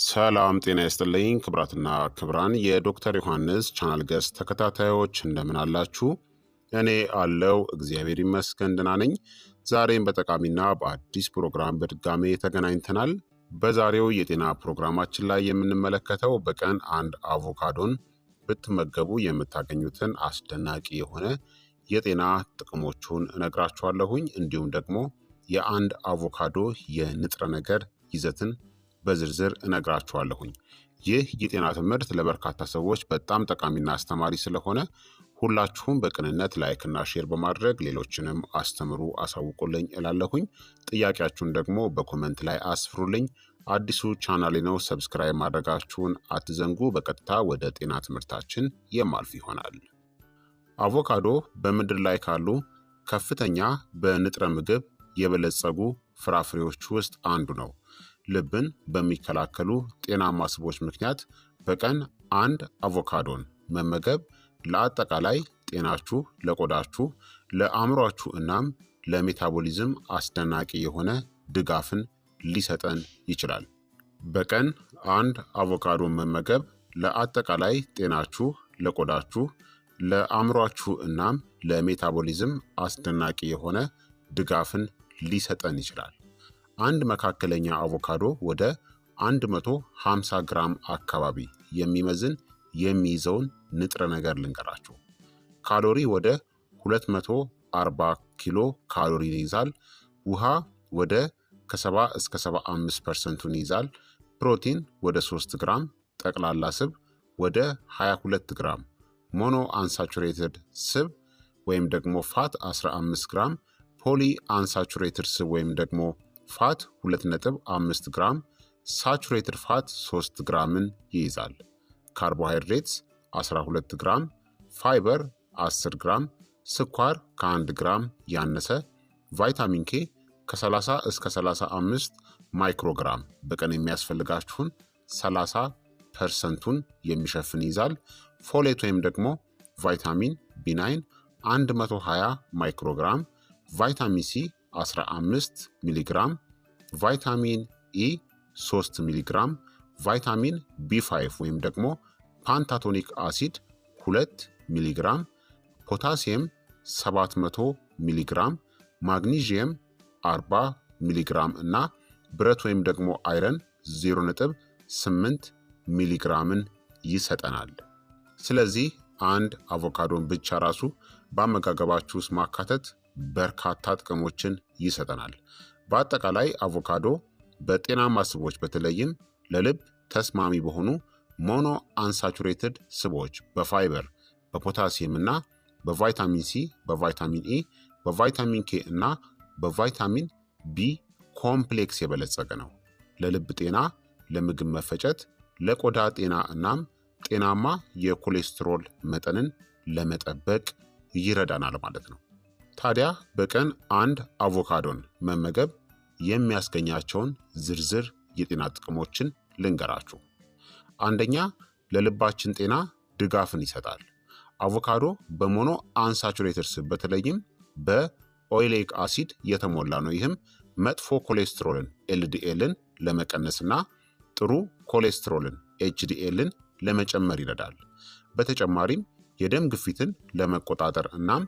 ሰላም ጤና ይስጥልኝ ክብራትና ክብራን የዶክተር ዮሐንስ ቻናል ገስ ተከታታዮች እንደምን አላችሁ? እኔ አለው እግዚአብሔር ይመስገን ደህና ነኝ። ዛሬም በጠቃሚና በአዲስ ፕሮግራም በድጋሜ ተገናኝተናል። በዛሬው የጤና ፕሮግራማችን ላይ የምንመለከተው በቀን አንድ አቮካዶን ብትመገቡ የምታገኙትን አስደናቂ የሆነ የጤና ጥቅሞቹን እነግራችኋለሁኝ። እንዲሁም ደግሞ የአንድ አቮካዶ የንጥረ ነገር ይዘትን በዝርዝር እነግራችኋለሁኝ። ይህ የጤና ትምህርት ለበርካታ ሰዎች በጣም ጠቃሚና አስተማሪ ስለሆነ ሁላችሁም በቅንነት ላይክና ሼር በማድረግ ሌሎችንም አስተምሩ፣ አሳውቁልኝ እላለሁኝ። ጥያቄያችሁን ደግሞ በኮመንት ላይ አስፍሩልኝ። አዲሱ ቻናሌ ነው፣ ሰብስክራይብ ማድረጋችሁን አትዘንጉ። በቀጥታ ወደ ጤና ትምህርታችን የማልፍ ይሆናል። አቮካዶ በምድር ላይ ካሉ ከፍተኛ በንጥረ ምግብ የበለጸጉ ፍራፍሬዎች ውስጥ አንዱ ነው። ልብን በሚከላከሉ ጤናማ ስቦች ምክንያት በቀን አንድ አቮካዶን መመገብ ለአጠቃላይ ጤናችሁ፣ ለቆዳችሁ፣ ለአእምሯችሁ እናም ለሜታቦሊዝም አስደናቂ የሆነ ድጋፍን ሊሰጠን ይችላል። በቀን አንድ አቮካዶን መመገብ ለአጠቃላይ ጤናችሁ፣ ለቆዳችሁ፣ ለአእምሯችሁ እናም ለሜታቦሊዝም አስደናቂ የሆነ ድጋፍን ሊሰጠን ይችላል። አንድ መካከለኛ አቮካዶ ወደ 150 ግራም አካባቢ የሚመዝን የሚይዘውን ንጥረ ነገር ልንገራችሁ። ካሎሪ ወደ 240 ኪሎ ካሎሪ ይይዛል። ውሃ ወደ ከ70 እስከ 75 ፐርሰንቱን ይይዛል። ፕሮቲን ወደ 3 ግራም፣ ጠቅላላ ስብ ወደ 22 ግራም፣ ሞኖ አንሳቹሬትድ ስብ ወይም ደግሞ ፋት 15 ግራም፣ ፖሊ አንሳቹሬትድ ስብ ወይም ደግሞ ፋት 2.5 ግራም፣ ሳቹሬትድ ፋት 3 ግራምን ይይዛል። ካርቦሃይድሬትስ 12 ግራም፣ ፋይበር 10 ግራም፣ ስኳር ከ1 ግራም ያነሰ፣ ቫይታሚን ኬ ከ30 እስከ 35 ማይክሮግራም በቀን የሚያስፈልጋችሁን 30 ፐርሰንቱን የሚሸፍን ይይዛል። ፎሌት ወይም ደግሞ ቫይታሚን ቢናይን 120 ማይክሮግራም፣ ቫይታሚን ሲ 15 ሚሊግራም፣ ቫይታሚን ኢ 3 ሚሊግራም፣ ቫይታሚን ቢ5 ወይም ደግሞ ፓንታቶኒክ አሲድ 2 ሚሊግራም፣ ፖታሲየም 700 ሚሊግራም፣ ማግኒዥየም 40 ሚሊግራም እና ብረት ወይም ደግሞ አይረን 0.8 ሚሊግራምን ይሰጠናል። ስለዚህ አንድ አቮካዶን ብቻ ራሱ በአመጋገባችሁ ውስጥ ማካተት በርካታ ጥቅሞችን ይሰጠናል። በአጠቃላይ አቮካዶ በጤናማ ስቦች በተለይም ለልብ ተስማሚ በሆኑ ሞኖ አንሳቹሬትድ ስቦች፣ በፋይበር፣ በፖታሲየም እና በቫይታሚን ሲ፣ በቫይታሚን ኢ፣ በቫይታሚን ኬ እና በቫይታሚን ቢ ኮምፕሌክስ የበለጸገ ነው። ለልብ ጤና፣ ለምግብ መፈጨት፣ ለቆዳ ጤና እናም ጤናማ የኮሌስትሮል መጠንን ለመጠበቅ ይረዳናል ማለት ነው። ታዲያ በቀን አንድ አቮካዶን መመገብ የሚያስገኛቸውን ዝርዝር የጤና ጥቅሞችን ልንገራችሁ። አንደኛ ለልባችን ጤና ድጋፍን ይሰጣል። አቮካዶ በሞኖ አንሳቹሬተርስ በተለይም በኦይሌክ አሲድ የተሞላ ነው። ይህም መጥፎ ኮሌስትሮልን ኤልዲኤልን ለመቀነስና ጥሩ ኮሌስትሮልን ኤችዲኤልን ለመጨመር ይረዳል። በተጨማሪም የደም ግፊትን ለመቆጣጠር እናም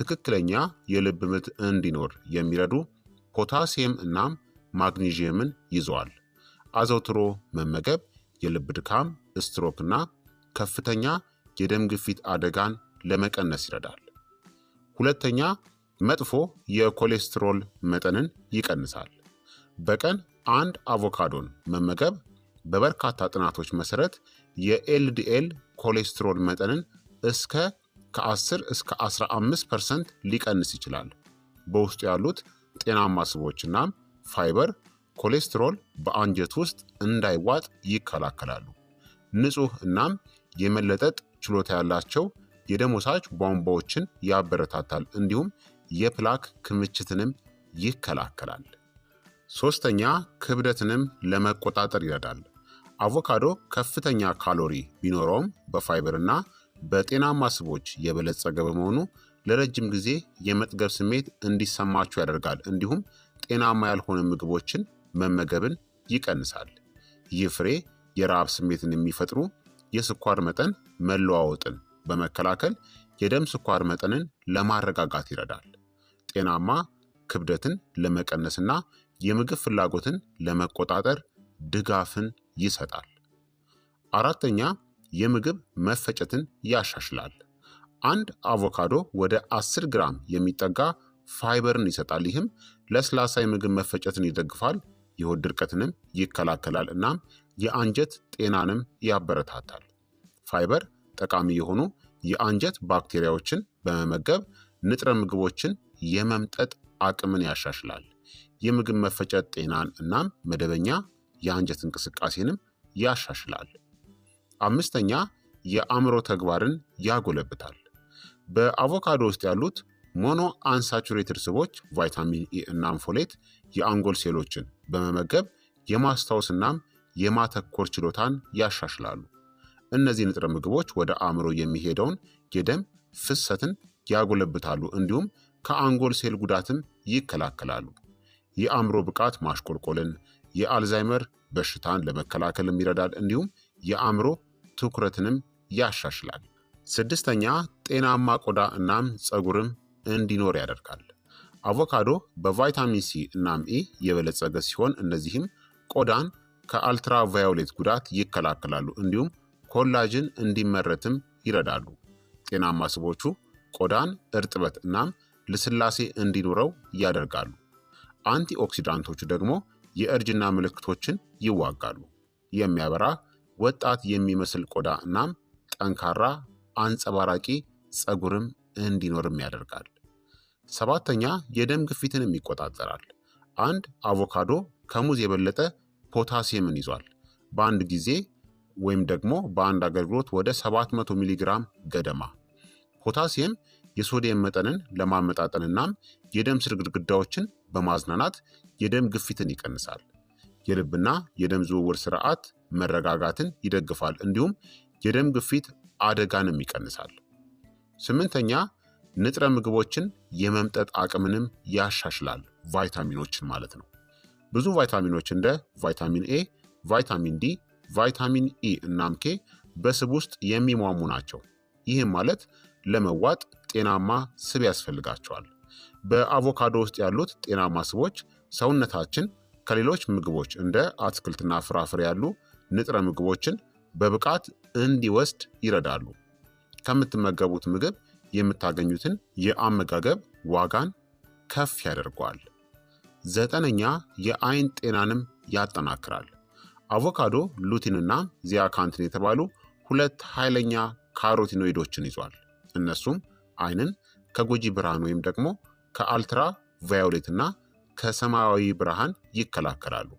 ትክክለኛ የልብ ምት እንዲኖር የሚረዱ ፖታሲየም እናም ማግኒዥየምን ይዘዋል። አዘውትሮ መመገብ የልብ ድካም፣ ስትሮክ እና ከፍተኛ የደም ግፊት አደጋን ለመቀነስ ይረዳል። ሁለተኛ፣ መጥፎ የኮሌስትሮል መጠንን ይቀንሳል። በቀን አንድ አቮካዶን መመገብ በበርካታ ጥናቶች መሰረት የኤልዲኤል ኮሌስትሮል መጠንን እስከ ከ10 እስከ 15 ፐርሰንት ሊቀንስ ይችላል። በውስጡ ያሉት ጤናማ ስቦችና ፋይበር ኮሌስትሮል በአንጀት ውስጥ እንዳይዋጥ ይከላከላሉ። ንጹህ እናም የመለጠጥ ችሎታ ያላቸው የደም ወሳጅ ቧንቧዎችን ያበረታታል፣ እንዲሁም የፕላክ ክምችትንም ይከላከላል። ሶስተኛ ክብደትንም ለመቆጣጠር ይረዳል። አቮካዶ ከፍተኛ ካሎሪ ቢኖረውም በፋይበርና በጤናማ ስቦች የበለጸገ በመሆኑ ለረጅም ጊዜ የመጥገብ ስሜት እንዲሰማችሁ ያደርጋል። እንዲሁም ጤናማ ያልሆነ ምግቦችን መመገብን ይቀንሳል። ይህ ፍሬ የረሃብ ስሜትን የሚፈጥሩ የስኳር መጠን መለዋወጥን በመከላከል የደም ስኳር መጠንን ለማረጋጋት ይረዳል። ጤናማ ክብደትን ለመቀነስና የምግብ ፍላጎትን ለመቆጣጠር ድጋፍን ይሰጣል። አራተኛ የምግብ መፈጨትን ያሻሽላል። አንድ አቮካዶ ወደ 10 ግራም የሚጠጋ ፋይበርን ይሰጣል። ይህም ለስላሳ የምግብ መፈጨትን ይደግፋል፣ የሆድ ድርቀትንም ይከላከላል፣ እናም የአንጀት ጤናንም ያበረታታል። ፋይበር ጠቃሚ የሆኑ የአንጀት ባክቴሪያዎችን በመመገብ ንጥረ ምግቦችን የመምጠጥ አቅምን ያሻሽላል። የምግብ መፈጨት ጤናን እናም መደበኛ የአንጀት እንቅስቃሴንም ያሻሽላል። አምስተኛ የአእምሮ ተግባርን ያጎለብታል። በአቮካዶ ውስጥ ያሉት ሞኖ አንሳቹሬትድ ስቦች ቫይታሚን ኢ እናም ፎሌት የአንጎል ሴሎችን በመመገብ የማስታወስ እናም የማተኮር ችሎታን ያሻሽላሉ። እነዚህ ንጥረ ምግቦች ወደ አእምሮ የሚሄደውን የደም ፍሰትን ያጎለብታሉ፣ እንዲሁም ከአንጎል ሴል ጉዳትም ይከላከላሉ። የአእምሮ ብቃት ማሽቆልቆልን፣ የአልዛይመር በሽታን ለመከላከልም ይረዳል፣ እንዲሁም የአእምሮ ትኩረትንም ያሻሽላል። ስድስተኛ ጤናማ ቆዳ እናም ፀጉርም እንዲኖር ያደርጋል። አቮካዶ በቫይታሚን ሲ እናም ኢ የበለጸገ ሲሆን እነዚህም ቆዳን ከአልትራቫዮሌት ጉዳት ይከላከላሉ እንዲሁም ኮላጅን እንዲመረትም ይረዳሉ። ጤናማ ስቦቹ ቆዳን እርጥበት እናም ልስላሴ እንዲኖረው ያደርጋሉ። አንቲ ኦክሲዳንቶቹ ደግሞ የእርጅና ምልክቶችን ይዋጋሉ። የሚያበራ ወጣት የሚመስል ቆዳ እናም ጠንካራ አንጸባራቂ ፀጉርም እንዲኖርም ያደርጋል። ሰባተኛ የደም ግፊትንም ይቆጣጠራል። አንድ አቮካዶ ከሙዝ የበለጠ ፖታሲየምን ይዟል። በአንድ ጊዜ ወይም ደግሞ በአንድ አገልግሎት ወደ 700 ሚሊግራም ገደማ። ፖታሲየም የሶዲየም መጠንን ለማመጣጠን እናም የደም ስር ግድግዳዎችን በማዝናናት የደም ግፊትን ይቀንሳል። የልብና የደም ዝውውር ስርዓት መረጋጋትን ይደግፋል። እንዲሁም የደም ግፊት አደጋንም ይቀንሳል። ስምንተኛ ንጥረ ምግቦችን የመምጠጥ አቅምንም ያሻሽላል። ቫይታሚኖችን ማለት ነው። ብዙ ቫይታሚኖች እንደ ቫይታሚን ኤ፣ ቫይታሚን ዲ፣ ቫይታሚን ኢ እናም ኬ በስብ ውስጥ የሚሟሙ ናቸው። ይህም ማለት ለመዋጥ ጤናማ ስብ ያስፈልጋቸዋል። በአቮካዶ ውስጥ ያሉት ጤናማ ስቦች ሰውነታችን ከሌሎች ምግቦች እንደ አትክልትና ፍራፍሬ ያሉ ንጥረ ምግቦችን በብቃት እንዲወስድ ይረዳሉ። ከምትመገቡት ምግብ የምታገኙትን የአመጋገብ ዋጋን ከፍ ያደርገዋል። ዘጠነኛ የአይን ጤናንም ያጠናክራል። አቮካዶ ሉቲንና ዚያካንትን የተባሉ ሁለት ኃይለኛ ካሮቲኖይዶችን ይዟል። እነሱም አይንን ከጎጂ ብርሃን ወይም ደግሞ ከአልትራ ቫዮሌትና ከሰማያዊ ብርሃን ይከላከላሉ።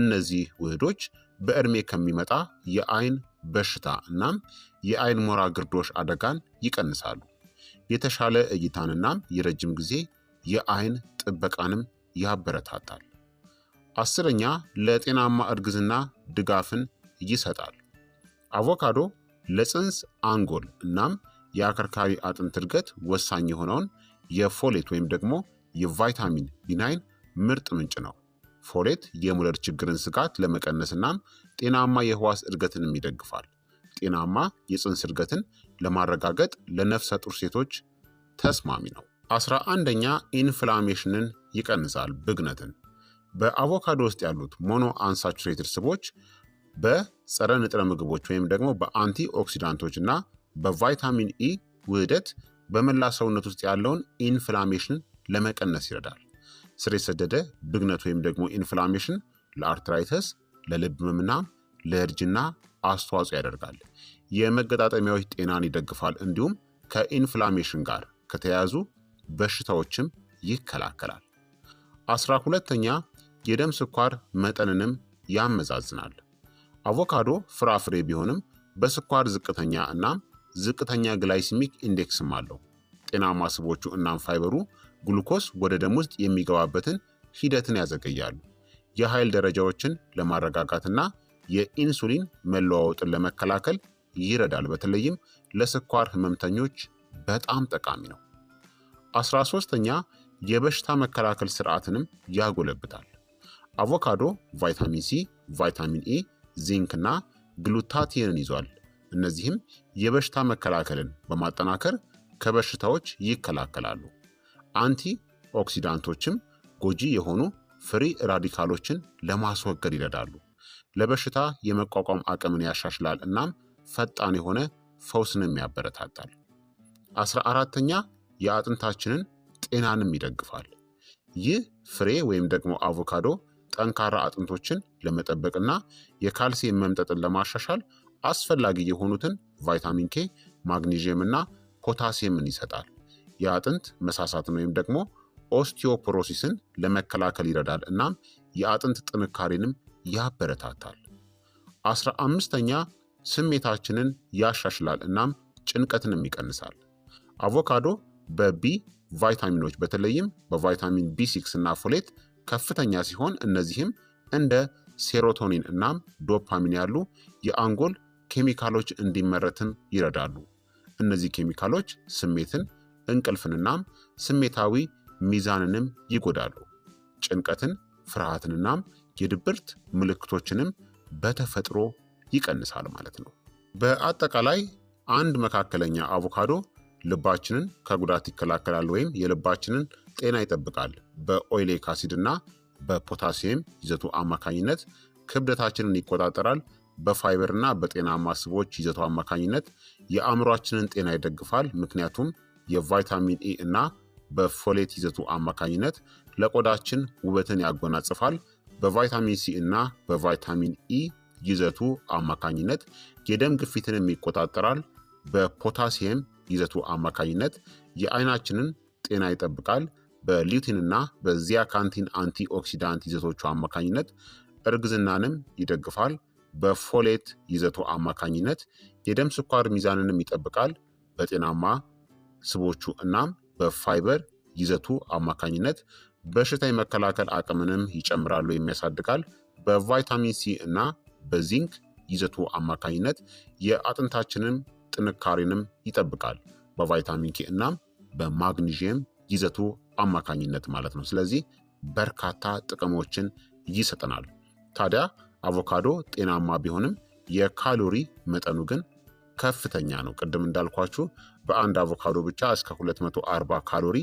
እነዚህ ውህዶች በእድሜ ከሚመጣ የአይን በሽታ እናም የአይን ሞራ ግርዶሽ አደጋን ይቀንሳሉ። የተሻለ እይታን እናም የረጅም ጊዜ የአይን ጥበቃንም ያበረታታል። አስረኛ ለጤናማ እርግዝና ድጋፍን ይሰጣል። አቮካዶ ለፅንስ አንጎል እናም የአከርካሪ አጥንት እድገት ወሳኝ የሆነውን የፎሌት ወይም ደግሞ የቫይታሚን ቢናይን ምርጥ ምንጭ ነው። ፎሌት የሙለር ችግርን ስጋት ለመቀነስ ጤናማ የህዋስ እድገትንም ይደግፋል። ጤናማ የፅንስ እድገትን ለማረጋገጥ ለነፍሰ ጡር ሴቶች ተስማሚ ነው። አስራ አንደኛ ኢንፍላሜሽንን ይቀንሳል፣ ብግነትን። በአቮካዶ ውስጥ ያሉት ሞኖ አንሳቹሬትድ ስቦች በጸረ ንጥረ ምግቦች ወይም ደግሞ በአንቲ ኦክሲዳንቶች እና በቫይታሚን ኢ ውህደት በመላ ሰውነት ውስጥ ያለውን ኢንፍላሜሽን ለመቀነስ ይረዳል። ስር የሰደደ ብግነት ወይም ደግሞ ኢንፍላሜሽን ለአርትራይተስ፣ ለልብ ህመምና ለእርጅና አስተዋጽኦ ያደርጋል። የመገጣጠሚያዎች ጤናን ይደግፋል። እንዲሁም ከኢንፍላሜሽን ጋር ከተያያዙ በሽታዎችም ይከላከላል። አስራ ሁለተኛ የደም ስኳር መጠንንም ያመዛዝናል። አቮካዶ ፍራፍሬ ቢሆንም በስኳር ዝቅተኛ እናም ዝቅተኛ ግላይሲሚክ ኢንዴክስም አለው። ጤናማ ስቦቹ እናም ፋይበሩ ግሉኮስ ወደ ደም ውስጥ የሚገባበትን ሂደትን ያዘገያሉ። የኃይል ደረጃዎችን ለማረጋጋትና የኢንሱሊን መለዋወጥን ለመከላከል ይረዳል። በተለይም ለስኳር ህመምተኞች በጣም ጠቃሚ ነው። አስራ ሶስተኛ የበሽታ መከላከል ስርዓትንም ያጎለብታል። አቮካዶ ቫይታሚን ሲ፣ ቫይታሚን ኢ፣ ዚንክ እና ግሉታቲንን ይዟል። እነዚህም የበሽታ መከላከልን በማጠናከር ከበሽታዎች ይከላከላሉ። አንቲ ኦክሲዳንቶችም ጎጂ የሆኑ ፍሪ ራዲካሎችን ለማስወገድ ይረዳሉ። ለበሽታ የመቋቋም አቅምን ያሻሽላል፣ እናም ፈጣን የሆነ ፈውስንም ያበረታታል። አስራ አራተኛ የአጥንታችንን ጤናንም ይደግፋል። ይህ ፍሬ ወይም ደግሞ አቮካዶ ጠንካራ አጥንቶችን ለመጠበቅና የካልሲየም መምጠጥን ለማሻሻል አስፈላጊ የሆኑትን ቫይታሚን ኬ፣ ማግኔዥየም እና ፖታሲየምን ይሰጣል። የአጥንት መሳሳትን ወይም ደግሞ ኦስቲዮፖሮሲስን ለመከላከል ይረዳል እናም የአጥንት ጥንካሬንም ያበረታታል። አስራ አምስተኛ ስሜታችንን ያሻሽላል እናም ጭንቀትንም ይቀንሳል። አቮካዶ በቢ ቫይታሚኖች በተለይም በቫይታሚን ቢ6 እና ፎሌት ከፍተኛ ሲሆን እነዚህም እንደ ሴሮቶኒን እናም ዶፓሚን ያሉ የአንጎል ኬሚካሎች እንዲመረትም ይረዳሉ። እነዚህ ኬሚካሎች ስሜትን እንቅልፍንናም ስሜታዊ ሚዛንንም ይጎዳሉ። ጭንቀትን፣ ፍርሃትንናም የድብርት ምልክቶችንም በተፈጥሮ ይቀንሳል ማለት ነው። በአጠቃላይ አንድ መካከለኛ አቮካዶ ልባችንን ከጉዳት ይከላከላል ወይም የልባችንን ጤና ይጠብቃል። በኦይሌክ አሲድና በፖታሲየም ይዘቱ አማካኝነት ክብደታችንን ይቆጣጠራል። በፋይበርና በጤናማ ስቦች ይዘቱ አማካኝነት የአእምሯችንን ጤና ይደግፋል። ምክንያቱም የቫይታሚን ኤ እና በፎሌት ይዘቱ አማካኝነት ለቆዳችን ውበትን ያጎናጽፋል። በቫይታሚን ሲ እና በቫይታሚን ኢ ይዘቱ አማካኝነት የደም ግፊትንም ይቆጣጠራል። በፖታሲየም ይዘቱ አማካኝነት የአይናችንን ጤና ይጠብቃል። እና በዚያካንቲን አንቲኦክሲዳንት ይዘቶቹ አማካኝነት እርግዝናንም ይደግፋል። በፎሌት ይዘቱ አማካኝነት የደም ስኳር ሚዛንንም ይጠብቃል። በጤናማ ስቦቹ እናም በፋይበር ይዘቱ አማካኝነት በሽታ የመከላከል አቅምንም ይጨምራሉ ወይም በቫይታሚን ሲ እና በዚንክ ይዘቱ አማካኝነት የአጥንታችንን ጥንካሬንም ይጠብቃል። በቫይታሚን ኬ እናም በማግኒዥየም ይዘቱ አማካኝነት ማለት ነው። ስለዚህ በርካታ ጥቅሞችን ይሰጠናል። ታዲያ አቮካዶ ጤናማ ቢሆንም የካሎሪ መጠኑ ግን ከፍተኛ ነው። ቅድም እንዳልኳችሁ በአንድ አቮካዶ ብቻ እስከ 240 ካሎሪ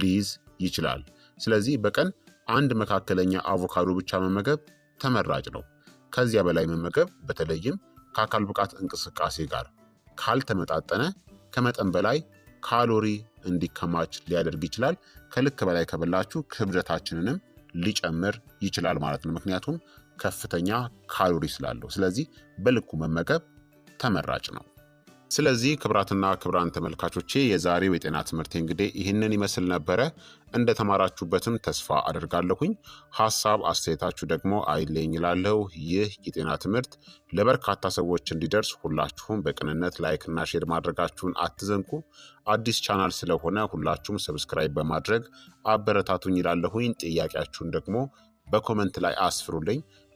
ሊይዝ ይችላል። ስለዚህ በቀን አንድ መካከለኛ አቮካዶ ብቻ መመገብ ተመራጭ ነው። ከዚያ በላይ መመገብ በተለይም ከአካል ብቃት እንቅስቃሴ ጋር ካልተመጣጠነ ከመጠን በላይ ካሎሪ እንዲከማች ሊያደርግ ይችላል። ከልክ በላይ ከበላችሁ ክብደታችንንም ሊጨምር ይችላል ማለት ነው። ምክንያቱም ከፍተኛ ካሎሪ ስላለው። ስለዚህ በልኩ መመገብ ተመራጭ ነው። ስለዚህ ክብራትና ክብራን ተመልካቾቼ የዛሬው የጤና ትምህርት እንግዲህ ይህንን ይመስል ነበረ። ተማራችሁበትም ተስፋ አደርጋለሁኝ። ሀሳብ አስተያየታችሁ ደግሞ አይለኝ ይላለው ይህ የጤና ትምህርት ለበርካታ ሰዎች እንዲደርስ ሁላችሁም በቅንነት ላይክና ሼር ማድረጋችሁን አትዘንቁ። አዲስ ቻናል ስለሆነ ሁላችሁም ሰብስክራይብ በማድረግ አበረታቱኝ ይላለሁኝ። ጥያቄያችሁን ደግሞ በኮመንት ላይ አስፍሩልኝ።